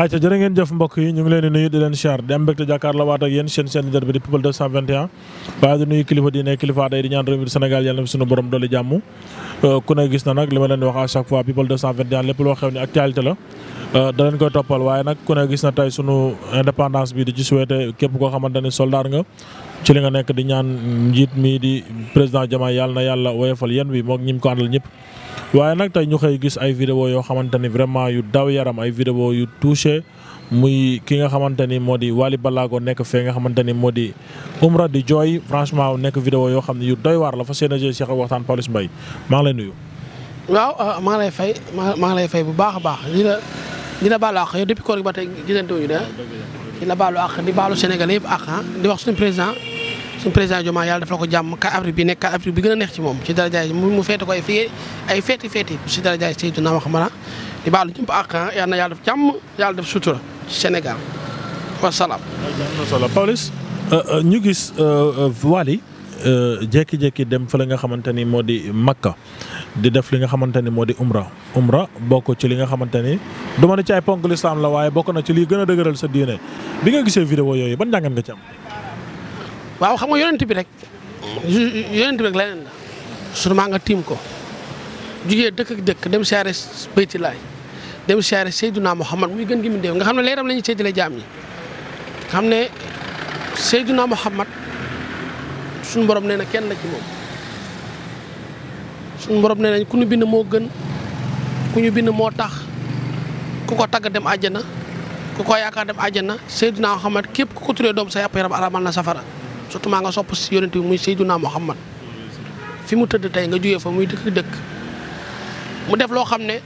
ayca jërë ngeen jëf mbokk yi ñu ngi leen di nuyu di leen siyaar di am mbégte jàkkaarloo waat ak yéen seen seen leader bi di People 221 waaye di nuyu kilifa diine kilifa di ñaan réew mi Sénégal yàlla fi suñu borom dolli jàmm euh, ku ne gis na nag li ma leen wax à chaque fois People 221 lépp loo xew ni actualité la euh, da koy toppal waaye nag ku ne gis na tey sunu indépendance bi di ci souhaité képp koo xamante ne soldat nga ci li nga nekk di ñaan njiit mi di président Diomaye yàlla na yàlla woyofal yéen bi moog ñi ko àndal ñëpp waaye nag tey ñu xëy gis ay vidéo yoo xamante ni vraiment yu daw yaram ay vidéo yu touché muy ki nga xamante ni moo di Wally Ballago nekk fee nga xamante ni moo di Umra di jooy franchement nekk vidéo yoo xam ne yu doy waar la fa seen a jeex waxtaan Pawlish Mbaye maa ngi lay nuyu. waaw ah, maa ngi lay fay maa ngi lay fay bu baax a baax di la di la baalu àq yow ba tey gisante wuñu da di la baalu àq di Sénégal yëpp àq ah, di wax suñu président. suñu président Diomaye yàlla def la ko jàmm 4 avril bi nekk 4 avril bi gën a neex ci moom ci darajaay mu feete ko ay fii ay feeti feeti ci darajaay Seydina Muhammad di baalu ñëpp àq ah, yal na yàlla def jàmm yàlla def sutura ci Sénégal wa euh, euh, ñu gis euh, Wally jékki-jékki dem fa la nga xamante ni moo di Makka di def li nga xamante ni moo di Umra Umra bokk ci li nga xamante ni duma ne ca ay ponk lislaam la waaye bokk na ci lii gën a dëgëral sa diine bi nga gisee vidéo yooyu ban njàngat nga am. waaw xam nga yonent bi rek yonent bi leneen la surement nga tiim ko jugee dëkk dëkk dem siyaare bayti laay dem siyaare Seyduna Muhammad muy gën gi nga xam ne leeram la ñuy seetale jaam ñi xam ne Seyduna Muhammad suñu borom nee na kenn la ci moom suñu borom nee nañ ku ñu bind moo gën ku bind moo tax ku ko tagg dem àjjana ku ko yaakaar dem àjjana Seyduna Muhammad képp ku ko turee doom sa yàpp yaram aramal na safara surtout maa nga sopp si yonent bi muy Seydunaa Muhammad fi mu tëdd tey nga jógee fa muy dëkk dëkk mu def loo xam ne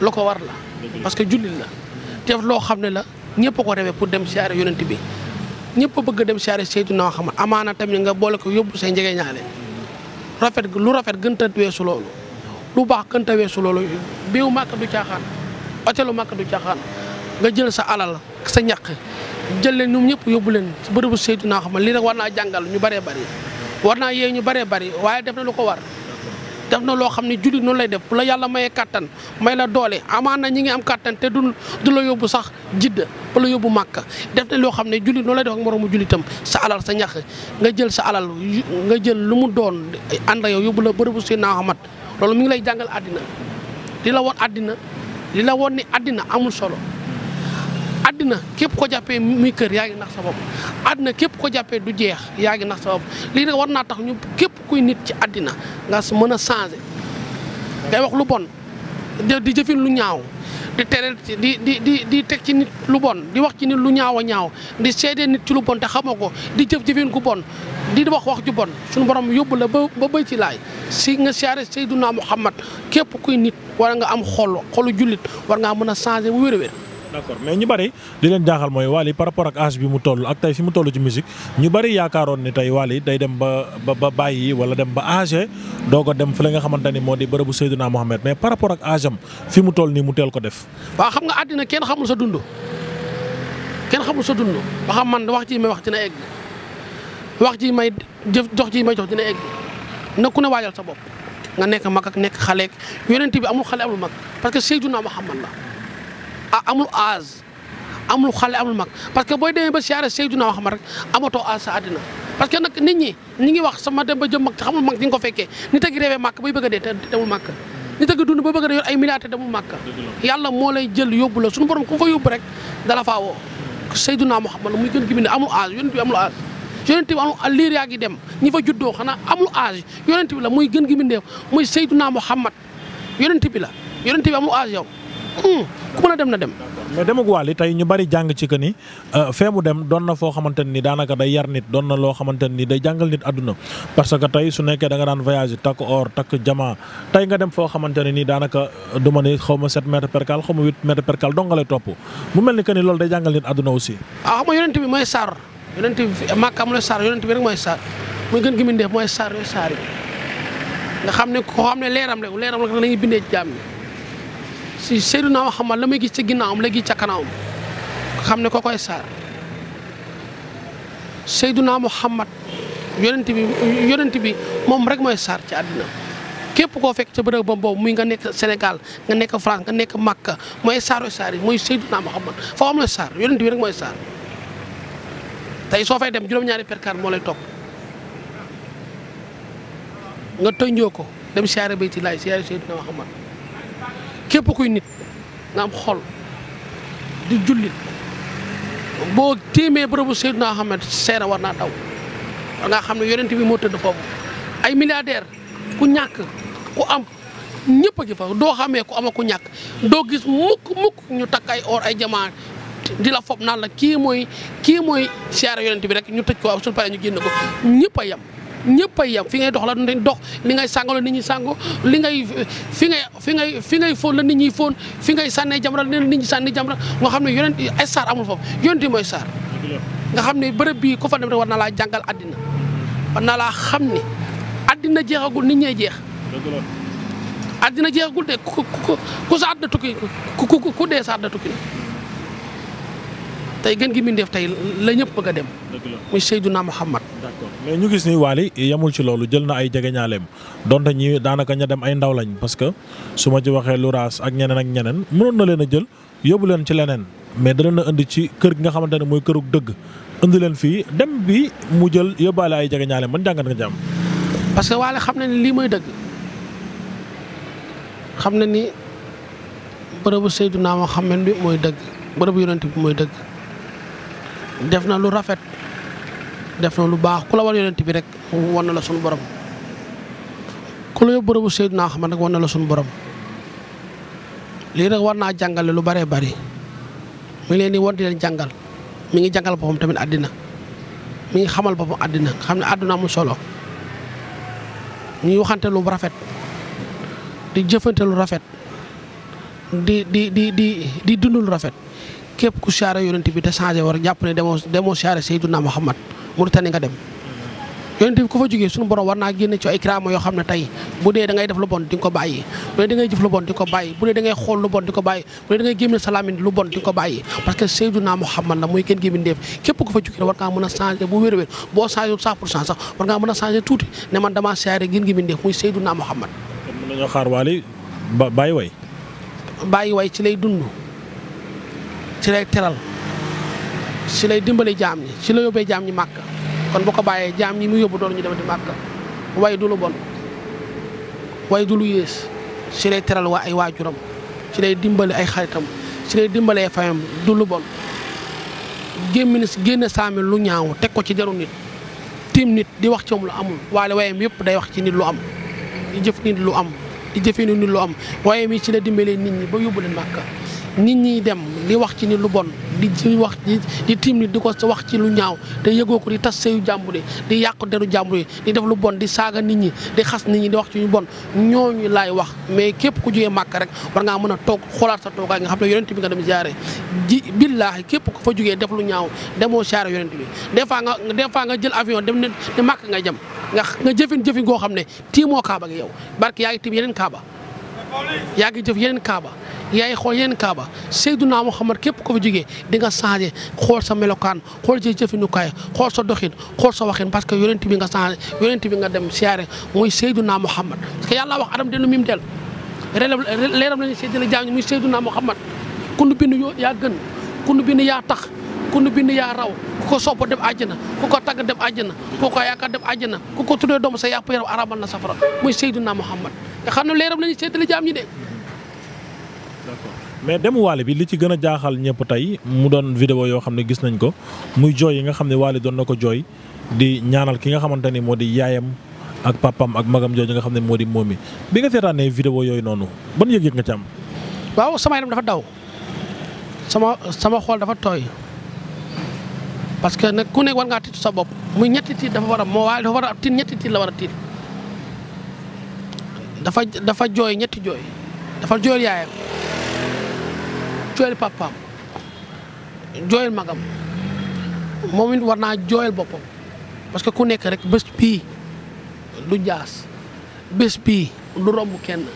lu ko war la parce que jullit la def loo xam ne la ñëpp a ko rewee pour dem siyaare yonent bi ñëpp a bëgg dem siyaare Seydunaa Muhammad amaana tamit nga boole ko yóbbu say njege ñaale rafet lu rafet gën a weesu loolu lu baax gën a weesu loolu biiw màkk du caaxaan otelu màkk du caaxaan nga jël sa alal sa ñaq jël leen ñoom ñëpp yóbbu leen ci bërëbu Seydina Muhammad lii nag war naa jàngal ñu bëree bëri war naa yee ñu bëree bëri waaye def na lu ko war def na loo xam ne jullit noonu lay def bu yàlla mayee kattan may la doole amaan na ñi ngi am kattan te du du la sax jidda ba la yóbbu màkka def na loo xam ne jullit noonu lay def ak moroomu jullitam sa alal sa ñax nga jël sa alal nga jël lu mu doon ànd yow yóbbu la bërëbu Seydina Muhammad loolu mu ngi lay jàngal àddina li la woon àddina li la woon ni àddina amul solo àddina képp ko jàppee muy kër yaa ngi nax sa àddina képp ko jàppee du jeex yaa ngi nax sa lii nag war naa tax ñu képp kuy nit ci àddina nga mën a changer ngay wax lu bon di jëfin lu ñaaw di tere di di di teg ci nit lu bon di wax ci nit lu ñaaw a ñaaw di seedee nit ci lu di jëf jëfin ku bon di wax wax ju bon suñu borom yóbbu la ba ba béy ci laay si nga siyaare Seydunaa Muhammad képp kuy nit war nga am xol xolu jullit war ngaa mën a changer bu wér-wér d'accord mais ñu bari di leen jaaxal mooy Wally par rapport ak âge bi mu toll ak tey fi mu toll ci musique ñu bari yaakaaroon ni tey Wally day dem ba ba bàyyi wala dem ba âgé doog a dem fi la nga xamante ni moo di bërëbu Seydina Mohamed mais par rapport ak âge am fi mu toll nii mu teel ko def. waaw xam nga àddina kenn xamul sa dund xamul sa dund ba xam man wax ci may wax dina egg wax ci may jëf jox ci may jox dina egg na ku sa bopp nga nekk mag ak nekk xale ak bi amul xale amul mag parce que Seydina Mohamed la. amul âge amul xale amul mag parce que booy demee ba siyaare Seydina Muhammad rek amatoo âge sa àddina parce que nag nit ñi ñi ngi wax sama dem ba jëm mag te xamul mag ni ko fekkee nit a màkk bay bëgg a dee te demul a ngi dund a dee yor ay yàlla moo lay jël yóbbu la suñu borom ku ko yóbbu rek dala faa woo Seydina Muhammad la muy gën bind amul âge yonent bi amul âge yonent bi liir yaa ngi dem ñi fa juddoo xanaa amul âge yonent bi la muy gën gi bindeef muy Seydina Muhammad yonent bi la yonent bi amul âge Hmm. ku mën a dem na dem. mais demuk Wally tey ñu bari jàng ci que ni euh, fee mu dem doon na foo xamante nii daanaka day yar nit doon na loo xamante ni day jàngal nit àdduna parce que tey su nekkee da nga daan voyage takk or takk jamaa tey nga dem foo xamante nii daanaka euh, du ma ne xaw ma 7 mètres percal xaw ma 8 mètres lay topp mu mel ni que ni loolu day jàngal nit àdduna aussi. ah xam nga yonent bi mooy saar yonent bi Makka mooy saar yonent bi nga xam ne koo xam ne leeram la leeram si Seydina Muhammad la may gis ci ginnaawam la gis ca xam ne ko koy saar Seydina Muhammad yonent bi yonent bi moom rek mooy saar ci àddina képp koo fekk ci bërëb bam boobu muy nga nekk Sénégal nga nekk France nga nekk Makka mooy saaru saar yi mooy Seydina Muhammad foo am la saar yonent bi rek mooy saar tey soo fay dem juróom-ñaari perkaar moo lay topp nga tënjoo ko dem siyaare bayti laay siyaare Seydina Muhammad képp kuy nit nga am xol di jullit boo téemee naa Seydina Muhammad seera war naa taw war ngaa xam ne yonent bi moo tëdd foofu ay milliardaire ku ñàkk ku am ñëpp a gi fa doo xamee ku am ku ñàkk doo gis mukk mukk ñu takk ay or ay jamaa di la fob naan la kii mooy kii mooy siyaara yonent bi rek ñu tëj ko waaw suñu paree ñu génn ko ñëpp a yem ñëpp a yem fi ngay dox la dox li ngay sàngo la nit ñi sàngo li ngay fi ngay fi ngay fi ngay fóon la nit ñi fóon fi ngay sànnee jamra la nit ñi sànni jamra nga xam ne yonent ay saar amul foofu mooy saar xam ne bërëb bii ku fa dem war na laa jàngal àddina war xam ne àddina jeexagul nit ñee jeex àddina jeexagul de ku ku sa àddina tukki na tey gën gi mbindeef tey la ñëpp bëgg a dem muy Seyduna Muhammad mais ñu gis ni Waly yemul ci loolu jël na ay jege jegeñaaleem donte ñi daanaka ña dem ay ndaw lañ parce que su ma ci waxee lu Louraas ak ñeneen ak ñeneen mënoon na leen a jël yóbbu leen ci leneen mais daleen na indi ci kër gi nga xamante ne mooy kërug dëgg indi leen fii dem bi mu jël yóbbaale ay jegeñaaleem man jàngat nga ci am. parce que Waly xam na ni lii mooy dëgg xam na ni bërëbu Seydina Muhammad bi mooy dëgg bërëbu yonent bi mooy dëgg def na lu rafet. def na lu baax ku la war yonent bi rek wan na la suñu borom ku la yóbbu bërëbu Seydina Ahmad rek wan na la suñu borom lii rek war naa jàngale lu bëree bëri mi ngi leen di won di leen jàngal mi ngi jàngal boppam tamit àddina mi ngi xamal boppam àddina xam ne àdduna mu solo ñuy waxante lu rafet di jëfante lu rafet di di di di di dund lu rafet képp ku siyaare yonent bi te changé war jàpp ne demoo demoo siyaare Seydina Muhammad Mauritanie nga dem yonent bi ku fa jógee suñu borom war naa génne ci ay yoo xam ne tey bu dee da ngay def lu bon di ko bàyyi bu dee da ngay jëf lu di ko bàyyi bu dee da ngay xool lu bon di ko bàyyi bu dee da ngay gémmiñ salaamin lu bon di nga ko bàyyi parce que Seydunaa Muhammad la muy gën gi bindeef képp ku fa jógee war ngaa mën a changé bu wér-wér boo changé 100 pour sax war ngaa mën a changé tuuti ne man damaa siyaare gën gi bindeef muy Seydunaa Muhammad mën nañoo xaar waale bàyyi way bàyyi way ci lay dund ci lay teral si lay dimbali jaam ñi ci la yóbbee jaam ñi màkk kon bu ko bàyyee jaam ñi mu yóbbu doon ñu dem di màkk waaye du lu bon waaye du lu yées si lay teral ay waajuram ci lay dimbali ay xaritam ci lay dimbalee fayam du lu bon gémmiñ génn saami lu ñaaw teg ko ci jaru nit tiim nit di wax ci moom lu amul waale wayam yëpp day wax ci nit lu am di jëf nit lu am di jëfee nit lu am waaye mi ci la dimbalee nit ñi ba yóbbu leen màkka nit ñiy dem di wax ci ni lu bon di ci wax di tiim ni di ko wax ci lu ñaaw te yëgoo ko di tas seyu jàmbur yi di yàq deru jàmbur yi di def lu bon di saaga nit ñi di xas nit ñi di wax ci ñu bon ñooñu laay wax mais képp ku jógee màkk rek war ngaa mën a toog xoolaat sa toogaay nga xam ne yonent bi nga dem jaare ji billaahi képp ku fa jógee def lu ñaaw demoo jaare yonent bi des fois nga des fois nga jël avion dem ne ne màkk nga jëm nga nga jëfin jëfin goo xam ne tiimoo kaaba gi yow barke yaa ngi tiim yeneen kaaba yaa ngi jëf yeneen kaaba yaay xool yeen kaaba Seydunaa Muhammad képp ko fi jógee di nga changé xool sa melokaan xool sa jëfinukaay xool sa doxin xool sa waxin parce que yonent bi nga changé yonent bi nga dem siyaare mooy Seydunaa Muhammad parce que yàlla wax adam denu mim del leeram lañu sey dina jaam muy Seydunaa Muhammad kunu bind yoo yaa gën kunu bind yaa tax kunu bind yaa raw ku ko sopp dem àjjana ku ko tagg dem àjjana ku ko yaakaar dem àjjana ku ko tuddee doom sa yàpp yaram aramal na safara muy Seydunaa Muhammad nga xam ne leeram lañu sey dina jaam ñi de mais dem Wally bi li ci gën a jaaxal ñëpp tey mu doon vidéo yoo xam ne gis nañ ko muy jooy yi nga xam ne Wally doon na ko jooy di ñaanal ki nga xamante ni moo di yaayam ak papam ak magam jooju nga xam ne moo di moom mi bi nga seetaanee vidéo yooyu noonu ban yëg-yëg nga ci waaw sama yaram dafa daw sama sama xool dafa tooy parce que nag ku nekk war ngaa tiit sa bopp muy ñetti tiit dafa war a moo Wally dafa war a tiit ñetti tiit la war a tiit dafa dafa jooy ñetti jooy jooyal papaam jooyal magam moom it war naa jooyal boppam parce que ku nekk rek bés bii du jaas bés bii du romb kenn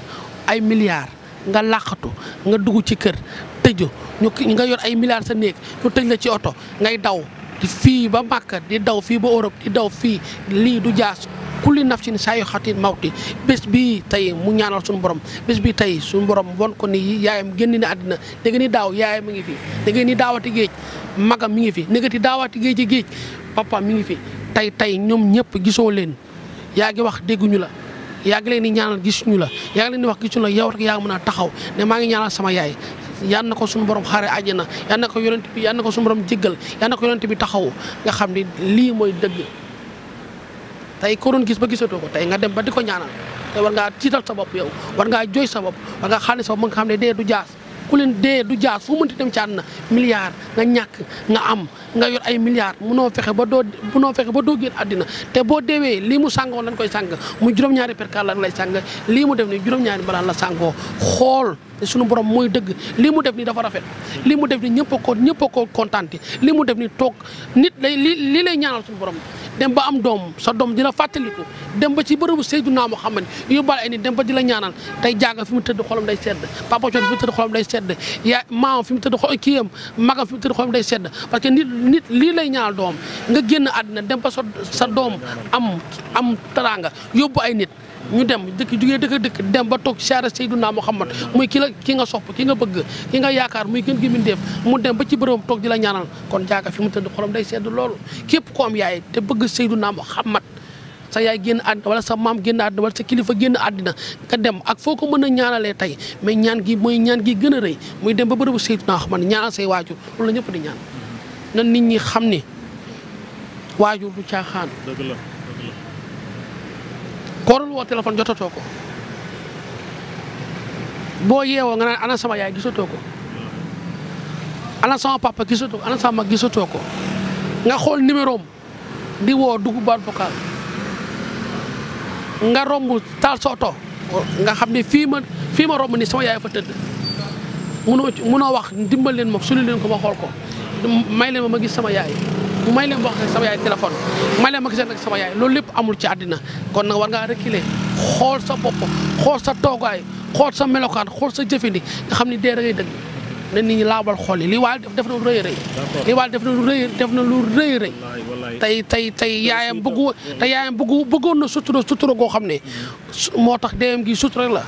ay milliards nga làqatu nga dugg ci kër tëju ñu nga yor ay milliards sa néeg ñu tëj la ci oto ngay daw fii ba Màkka di daw fii ba Europe di daw fii lii du jaas kulli nafsin saa yu xatin mawti bés bii tey mu ñaanal suñu borom bés bii tey suñu borom won ko ni yaayam génn na àddina da ngeen ni daaw yaayam mi ngi fi da ngeen ni daawati géej magam mi ngi fi da ngeen di daawati géej géej papa mi ngi fi tey tey ñoom ñëpp gisoo leen yaa ngi wax dégguñu la yaa ngi leen di ñaanal gisuñu la yaa ngi leen di wax gisuñu la yow rek yaa mën a taxaw ne maa ngi ñaanal sama yaay yan na ko suñu borom xaare àjjana yan na ko yonent bi yan na ko suñu borom jéggal yan na ko yonent bi taxaw nga xam ni lii mooy dëgg tey ko doon gis ba gisatoo ko tey nga dem ba di ko ñaanal te war ngaa tiital sa bopp yow war ngaa jooy sa bopp war nga xaale sa bopp nga xam ne dee du jaas ku leen dee du jaas fu mënti dem ci àdduna milliard nga ñàkk nga am nga yor ay milliards munoo fexe ba doo munoo fexe ba doo génn àddina te boo deewee lii mu sangoo lañ koy sàng mu juróom-ñaari perkaal lañ lay sàng lii mu def nii juróom-ñaari balaan la sangoo xool suñu borom mooy dëgg lii mu def nii dafa rafet lii mu def nii ñëpp a ko ñëpp a ko kontaante lii mu def nii toog nit lay li lii lay ñaanal suñu borom dem ba am doom sa doom dina fàttaliku dem ba ci bërëbu Seydina Muhammad yóbbaale ay nit dem ba di la ñaanal tey jaaga fi mu tëdd xolam day sedd papa Thione fi day sedd yaa maam mu tëdd xol kii am magam fi nit lii lay ñaal doom nga génn àddina dem ba sa sa doom am am teraanga yóbbu ay nit ñu dem dëkk jugee dëkk dëkk dem ba toog siyaare Seydunaa Muhammad a ki la kii nga sopp ki nga bëgg ki nga yaakaar muy gën gi mindeef mu dem ba ci bërëbam toog di la ñaanal kon jaaka fi mu tëdd xolam day sedd lool képp ko yaay te bëgg Seydunaa Muhammad sa yaay génn àddina wala sa maam génn àddina wala sa kilifa génn àddina nga dem ak foo ko mën a ñaanalee tey mais ñaan gi mooy ñaan gi gën a rëy muy dem ba bërëbu Seydunaa Muhammad ñaanal say waajur loolu la ñëpp di ñaan na nit ñi xam ni waajur du caaxaan. dëgg la koorul woo téléphone jotatoo ko boo yeewoo nga naan sama yaay gisatoo ko ana sama papa gisatoo ko ana sama mag gisatoo nga xool numéro am di woo dugg baat vocal nga romb taal sooto nga xam ne fii ma fii ma romb ni sama yaay fa tëdd munoo wax dimbal leen ma suli leen ko ma xool ko. may leen ma ma gis sama yaay mu may leen ma wax sama yaay téléphone may leen ma gisee nag sama yaay loolu lépp amul ci àddina kon nag war ngaa reculer xool sa bopp xool sa toogaay xool sa melokaan xool sa jëfindi nga xam ni dee da ngay dëgg na nit ñi laabal xool yi li waal def def na lu rëy rëy def na lu rëy na lu rëy rëy tey tey tey yaayam bëggu tey yaayam bëggu bëggoon na sutura sutura goo xam ne moo tax deem gi sutura la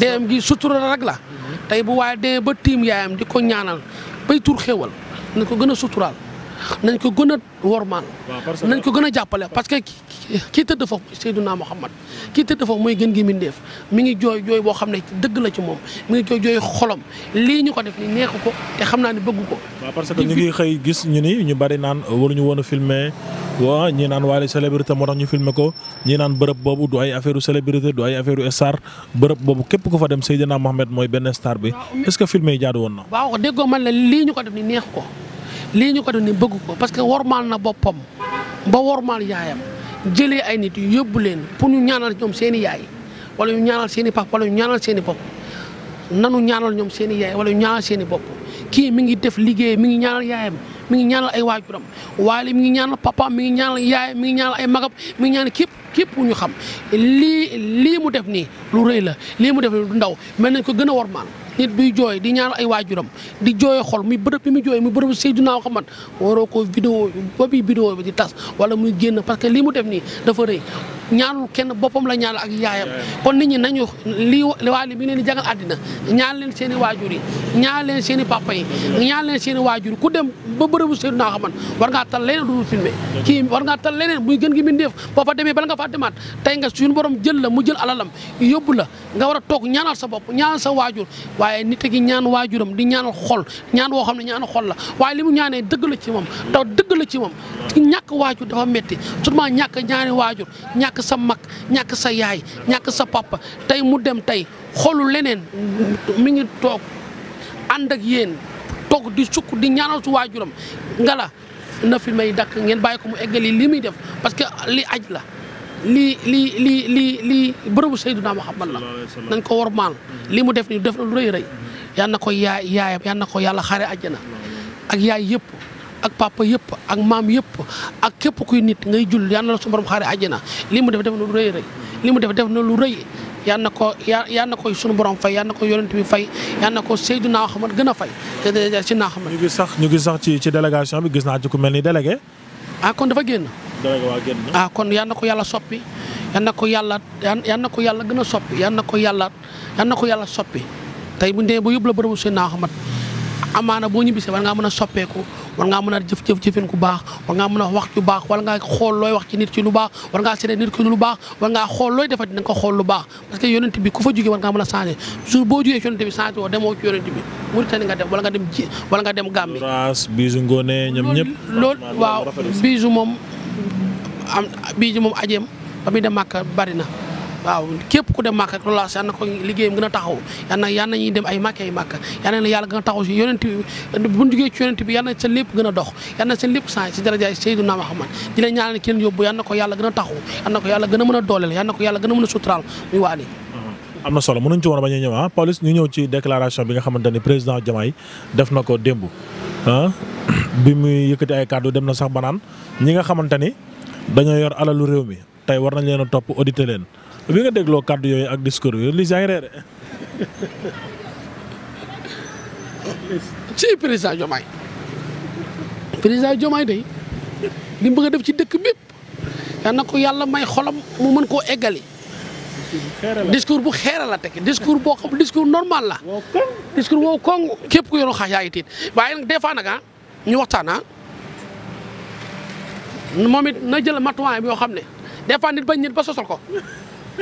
deem gi sutura rek la mm-hmm. mm-hmm. tey bu waaye dee ba tiim yaayam di ko ñaanal bay tur xéwal nañ ko gën a suturaal nañ ko gën a wormaal nañ ko gën a jàppale parce que kii tëdd foofu Seydunaa Muhammad kii tëdd foofu mooy gën gi mbindeef mi ngi jooy jooy boo xam ne dëgg la ci moom mu ngi jooy jooy xolam lii ñu ko def ni neexu ko te xam naa ne bëgg ko. parce que ñu ngi xëy gis ñu ni ñu bari naan waruñu woon a filmer waaw naan waale célébrité moo tax ñu filmé ko ñii naan bërëb boobu du boobu képp ku fa dem Seydina Mohamed mooy benn star bi est-ce que filmé yi jaadu woon na. ko lii ñu ko def ni bëgg ko parce que wormaal na boppam ba wormaal yaayam jële ay nit yu yóbbu leen pour ñu ñaanal ñoom seeni yaay wala ñu ñaanal seen i papa wala ñu seen i bopp nanu ñaanal ñoom seen yaay wala ñu ñaanal seen kii mi ngi def liggéey mi ngi ñaanal yaayam mi ngi ñaanal ay waajuram Wally mi ngi ñaanal papa mi ngi ñaanal yaay mi ngi ñaanal ay magam mu ngi ñaanal képp képp ñu xam lii lii mu def nii lu rëy la lii mu def nii du ndaw mel nañ ko gën a wormaal nit buy jooy di ñaanal ay waajuram di jooy xol muy bërëb bi muy jooy muy bërëb Seydina Muhammad waroo ko vidéo ba bi vidéo bi di tas wala muy génn parce que lii mu def nii dafa rëy ñaanul kenn boppam la ñaanal ak yaayam kon nit ñi nañu lii waa li mi ngi leen di jagal àddina ñaan leen seen waajur yi ñaan leen seen i papa yi ñaan seen waajur yi ku dem ba bërëbu seen naa xaman war ngaa tal leneen war ngaa leneen muy gën gi mbindeef boo fa demee bala nga faa demaat tey nga suñu borom jël la mu jël alalam yóbbu la nga war a toog ñaanal sa bopp ñaanal sa waajur waaye nit ki ñaan waajuram di ñaanal xol ñaan woo xam ne ñaan xol la waaye li mu ñaanee dëgg la ci moom taw dëgg la ci moom ñàkk waajur dafa metti surtout ñàkk ñaari waajur ñàkk sa mag ñàkk sa yaay ñàkk sa papa tey mu dem tey xoolu leneen mi ngi toog ànd ak yéen toog di sukk di ñaanal su waajuram nga la may dakk ngeen bàyyi ko mu eggali li muy def parce que li aj la lii lii lii lii lii bërëbu Seydina Muhammad la nañ ko war maal li mu def nii def na lu rëy rëy yal na ko yaay yaayam yal na ko yàlla xare àjjana ak yaay yëpp ak papa yëpp ak maam yëpp ak képp kuy nit ngay jul yal na la suñu borom xaare àjjana li mu def def na lu rëy rëy li mu def def na lu rëy yal na ko yal na ko suñu borom fay yal na ko yonent bi fay yal na ko Seydina Ahmad gën a fay te ci naa xamat ñu ngi sax ñu ngi sax ci ci délégation bi gis naa ci ku mel ni délégué ah, kon dafa génn ah, kon yal na ko yàlla soppi yal na ko yàlla yal ko yàlla gën a soppi yal na ko yàlla yal na ko yàlla soppi tey bu ñu dee ba yóbbu la bërëbu Seydina Ahmad amaana boo ñibbisee war ngaa mën a soppeeku war ngaa mën a jëf jëf jëfin ku baax war ngaa mën a wax ju baax war ngaa xool looy wax ci nit ci lu baax war ngaa seede nit ki lu baax war ngaa xool looy defati na ko xool lu baax parce que yonent bi ku fa jógee war ngaa mën a changé jour boo jógee ci yonent bi changé woo demoo ci yonent bi Mauritanie nga def wala nga dem ji wala nga dem Gambie bisu ngoone ñoom ñëpp loolu waaw bisu moom am bisu moom ajeem ba muy dem màkk bari na waaw képp ku dem màkk loolu laa yal na ko liggéeyam gën a taxaw yal na yal na ñuy dem ay màkk ay màkk yal na yàlla gën a taxaw si yonent bi bu ñu jógee ci yonent bi yal na sa lépp gën a dox yal na sa lépp saa si darajaay Seydina Muhammad di la ñaanal kenn yóbbu yal na ko yàlla gën a taxaw yal na ko yàlla gën a mën a dooleel yal na ko yàlla gën a mën a suturaal muy waa ni am na solo mënuñ ci woon ba ñu ñëw ah Pawlish ñu ñëw ci déclaration bi nga xamante ni président Diomaye def na ko démb ah bi muy yëkkati ay kàddu dem na sax banaan ñi nga xamante ni dañoo yor alalu réew mi tey war nañ leen a topp auditer leen bi nga dégloo kàddu yooyu ak discours yooyu Liss yaa ngi reere ci président Diomaye président Diomaye day li mu bëgg a def ci dëkk bépp yal na ko yàlla may xolam mu mën koo eggali. discours bu xeera la teg discours boo xam discours normal la. discours woo koŋ képp ku yoroo xaaj yaa ngi tiit waaye nag des fois ah, ñu waxtaan ah. moom it na jël matuwaayam yoo xam ne des fois nit bañ ba sosol ko.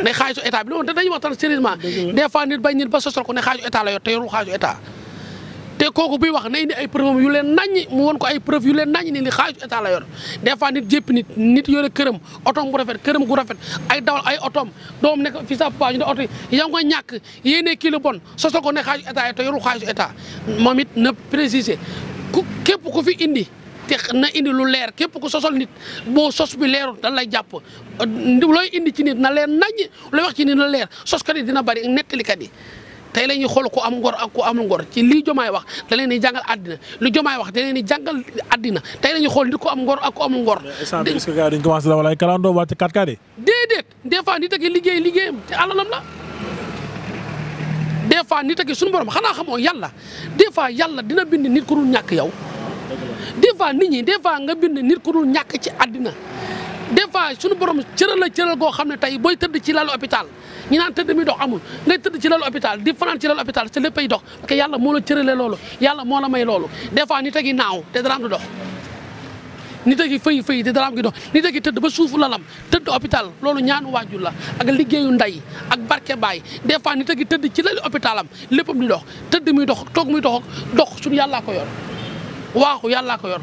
ne xaalisu état bi loolu dañuy waxtaan sérieusement des fois nit ba sosal ko ne xaalisu état la yor te yorul xaalisu état te kooku buy wax nay ni ay preuve yu leen naññi mu won ko ay preuve yu leen naññi ne li xaalisu état la yor des fois nit jéppi nit nit yore këram otoom bu rafet këram gu rafet ay dawal ay otoom doom nekk fii sa papa ñu ne oto yi yaa ngi koy ñàkk yéenee kii la bon sosal ko ne xaalisu état te yorul xaalisu état moom it na préciser ku képp ku fi indi te na indi lu leer képp ku sosol nit boo sos bi leerul dan lay jàpp looy indi ci nit na leer naññ looy wax ci nit na leer soskat yi dina bari nettalikat yi tey la ñuy xool ku am ngor ak ku amul ngor ci lii jomaay wax da leen di jàngal àddina lu jomaay wax da leen di jàngal àddina tey la ñuy xool nit ku am ngor ak ku amul ngor. mais est-ce que gars yi dañu commencé la wala ay kalandoo wàcc kat kat yi. déedéet des fois nit ak liggéey liggéeyam te alalam la des fois nit ak suñu borom xanaa xamoo yàlla des fois yàlla dina bind nit ku dul ñàkk yow. des fois nit ñi des fois nga bind nit ku dul ñàkk ci àddina des fois suñu borom cëral la cëral goo xam ne tey booy tëdd ci lalu hôpital ñi naan tëdd muy dox amul ngay tëdd ci lalu hôpital di fanaan ci lalu hôpital sa yàlla moo la cëralee loolu yàlla moo la may loolu des fois nit a ngi naaw te daraam dox nit a ngi fëy fëy te daraam gi dox nit a ngi tëdd ba suufu lalam tëdd hôpital loolu ñaanu waajur la ak liggéeyu ndey ak barke baay des fois nit a ngi tëdd ci lalu hôpitalam léppam di dox tëdd muy dox toog muy dox dox suñu yàllaa ko yoon waaxu yàllaa ko yor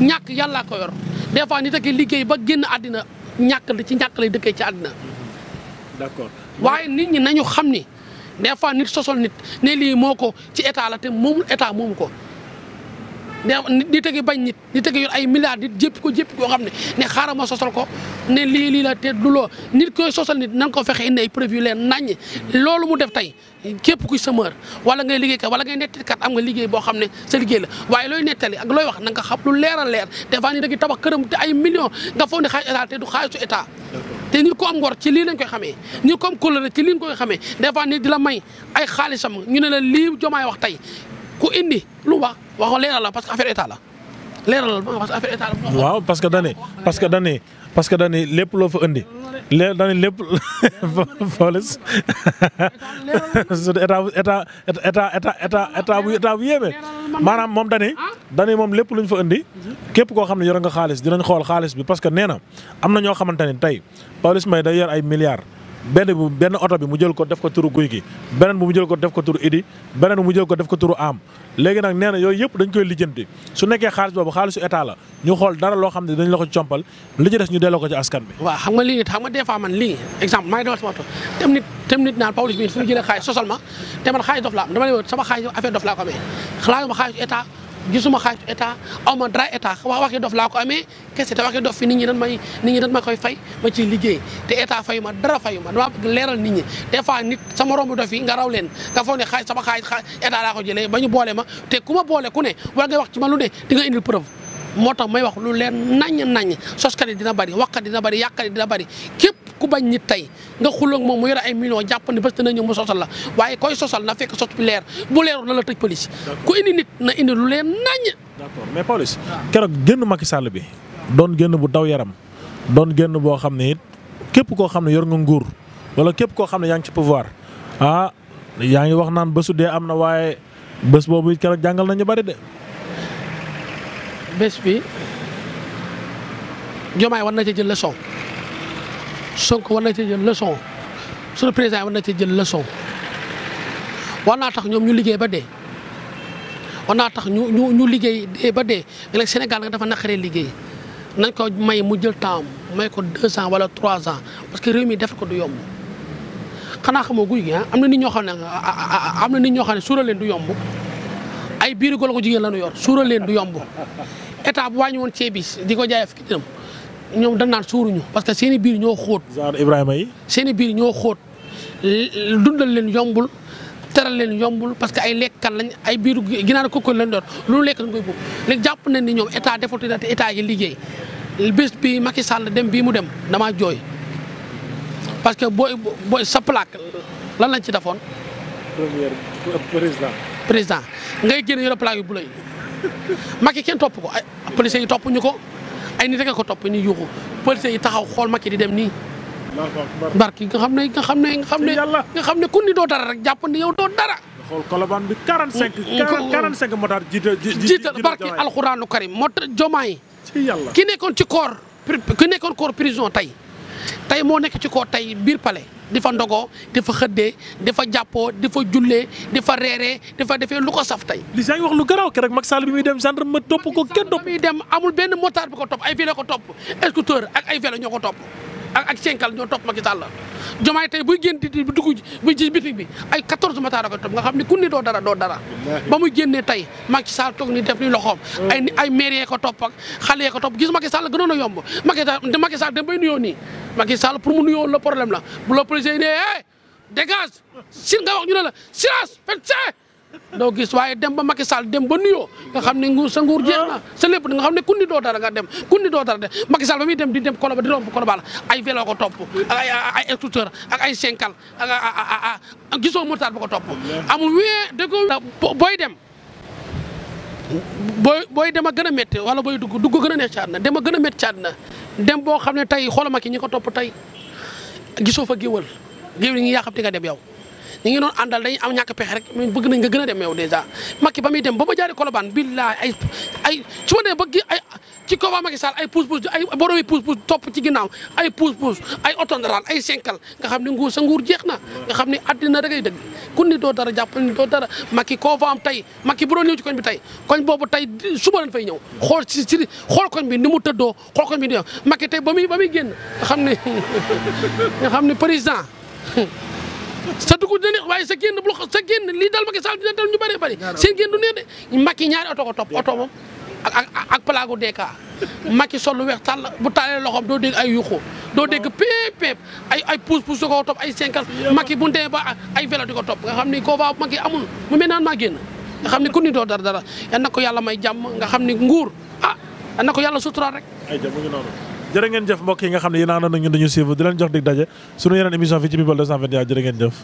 ñàkk yàllaa ko yor des fois nit ak liggéey ba génn àddina ñàkk la ci ñàkk lay dëkkee ci àddina. d'accord waaye nit ñi nañu xam ni des fois nit sosol nit ne lii moo ko ci état la te moomul état moomu ko. di tegi bañ nit di tegi yor ay milliards nit jépp ko jépp koo xam ne ne xaaral ma sosal ko ne lii lii la te du loo nit koy sosal nit nan ko fexe indi ay preuve yu leen naññ loolu mu def tey képp kuy semeur wala ngay liggéey kat wala ngay nettali kat am nga liggéey boo xam ne sa liggéey la waaye looy nettali ak looy wax na nga xam lu leer a leer des fois ni da ngi tabax këram te ay millions nga foog ne xaaj état te du xaalisu état te nit ko am ngor ci lii lañ koy xamee nit ko am kóllëre ci lii lañ koy xamee des fois nit di la may ay xaalisam ñu ne la lii jomaay wax tey ku indi lu mu wax waxoo leeral la parce que affaire état la leeralal la. waaw parce que dane parce que dane parce que dane lépp loo fa indi. leer dane lépp police su dee état état état état état état bu état bu yéeme. maanaam moom dane dane moom lépp luñ fa indi. képp koo xam ne yore nga xaalis dinañ xool xaalis bi parce que nee na am na ñoo xamante ne tey Pawlish Mbaye day yor ay milliards. benn bu benn oto bi mu jël ko def ko turu guy gi beneen bi mu jël ko def ko turu idi beneen bi mu jël ko def ko turu am léegi nag nee na yooyu yëpp dañ koy lijjanti su nekkee xaalis boobu xaalisu état la ñu xool dara loo xam ne dañ la ko compal li ci ñu delloo ko ci askan bi waaw xam nga lii nit xam nga des fois man lii exemple maa ngi dawal sama oto tam xaalis sosal te man xaalis dof laa am dama ne sama xaalis dof laa ko amee xalaatuma xaalisu gisuma xaaju état aw ma dara état wax waxi dof laa ko amee kese te waxi dof fi nit ñi dañ may nit ñi dañ ma koy fay ma ciy liggéey te état fayuma dara fayu ma dama bëgg leeral nit ñi des fois nit sama rombu dof yi nga raw leen nga foog ne xaaj sama xaaj état laa ko jëlee ba ñu boole ma te ku ma boole ku ne wala ngay wax ci ma lu ne di nga indil preuve moo tax may wax lu leer nañ naññ soskat yi dina bari waxkat dina bëri yàqkat dina bëri képp ku bañ nit tey nga xuloog moom mu yore ay million jàpp ne bés dina ñëw mu sosal la waaye koy sosal na fekk sos bi leer bu leerul na la tëj police ku indi nit na indi lu leen nañ d'accord keroog génn Macky Sall bi doon génn bu daw yaram doon génn boo xam ne képp koo xam ne yor nga nguur wala képp koo xam ne yaa ngi ci pouvoir ah yaa ngi wax naan bésu dee am na waaye bés boobu it keroog jàngal nañu bari de. bés bi Diomaye war na ci jël Sonko war na cee jël leçon président war na cee jël leçon war naa tax ñoom ñu liggéey ba dee war naa tax ñu ñu ñu liggéey ba dee mais nag Sénégal nga dafa naqaree liggéey nañ ko may mu jël temps may ko deux ans wala trois ans parce que réew mi def ko du yomb xanaa xamoo guy gi ah, am na nit ñoo xam ne ah, ah, am na nit ñoo xam ne suural leen du yomb ay biiru golo ko jigéen la ñu yor suural leen du yomb état bu wàññi woon ceeb di ko jaayee fukki dërëm ñoom dañ naan suuruñu parce que seeni biir ñoo xóot. genre Ibrahima yi. seen biir ñoo xóot dundal leen yombul teral leen yombul parce que ay lekkan lañ ay biiru ginaar kooku lañ doon loolu lekk lañ koy bëgg léegi jàpp nañ ni ñoom état defatu te état yi liggéey bés bi Macky sàll dem bii mu dem damaa jooy parce que booy booy sa plaque lan lañ ci defoon. président. ngay génn yore plaque yu bu kenn topp ko ay policiers topp ñu ko. ay nit rek a ko topp ni yuuxu police yi taxaw xool Macky di dem nii. barki nga xam ne nga xam ne nga xam ne nga xam ne ku ni doo dara rek jàpp ne yow doo dara. xool barki alxuraanu karim mot jomaay. ci yàlla nekkoon ci corps ki nekkoon corps prison tey. tey moo nekk ci ko tey biir pale di fa ndogo di fa xëddee di fa jàppoo di fa jullee di fa reeree di fa defee lu ko saf tey. li saa ngi wax lu garaaw keroog Macky Sall bi muy dem gendarme ma topp ko kenn topp. muy dem amul benn motard bi ko topp ay vélo ko topp scooter ak ay vélo ñoo ko topp. ak ak cenkal ñoo topp Macky Sall jomaay tey buy génn di dugg buy ji bitig bi ay 14 mataara ko topp nga xam ne ku ne doo dara doo dara ba muy génnee tey Macky Sall toog ni def mm. ni loxoom ay ay maire ko topp ak xale yee ko topp gis Macky Sall gënoon a yomb Macky Sall Macky Sall dem bay nuyoo nii Macky Sall pour mu nuyoo la problème la bu la policier yi ne eh dégage sin nga wax ñu ne la silence fekk doo gis waaye dem ba Macky saal dem ba nuyoo nga xam ne nguur sa nguur jeex na sa lépp nga xam ne kundi doo dara nga dem kundi doo dara de Macky Sall ba muy dem di dem Koloba di romb Koloba la ay vélo ko topp ak ay ay ak ay senkal ak gisoo motard ba ko topp amul wee da ko booy dem booy booy dem a gën a métti wala booy dugg dugg gën a neex ci àddina dem a gën a métti na dem boo xam ne tey xoolal Macky ñi ko topp tey gisoo fa géwal géwal ñi yaa xam te nga dem yow ñi ngi doon àndal dañuy am ñàkk pexe rek bëgg na nga gën a dem yow dèjà Macky ba muy dem ba ma jaari Colobane billaay ay ay su ma nee ba gi ay ci kooba Macky Sall ay pousse pousse ay boromi pousse pousse topp ci ginnaaw ay pousse pousse ay otondaral ay senkal xam ne nguur sa nguur jeex na nga xam ne addina da ngay dëgg ni doo dara jàpp ni doo dara Macky koo fa am tey Macky bu doon ñëw ci koñ bi tey koñ boobu tey suba lañ fay ñëw xool ci ci xool koñ bi ni mu tëddoo xool koñ bi ni Macky tey ba muy ba muy génn nga xam ne nga xam ne président sa dugub dina waaye sa génn bu sa génn lii dal Macky Sall dina tam ñu bëree bëri seen génn du neex de Macky ñaari oto ko topp oto moom ak ak ak palaagu DK Macky sol lu weex tàll bu taalee loxoom doo dégg ay yuuxu doo dégg péep péep ay ay pousse pousse di ko topp ay cinquante Macky bu demee ba ay vélo di ko nga xam ni koo baa Macky amul mu mel naan maa génn nga xam ni ku ni doo dara dara yal na ko yàlla may jàmm nga xam ni nguur a ah, yal na ko yàlla suturaat rek. ay jërë ngeen jëf mbokk nga xam ne yéen a àndoon ak ñun dañu suivre di leen jox daje suñu yeneen émission fii ci People 221 jërë ngeen jëf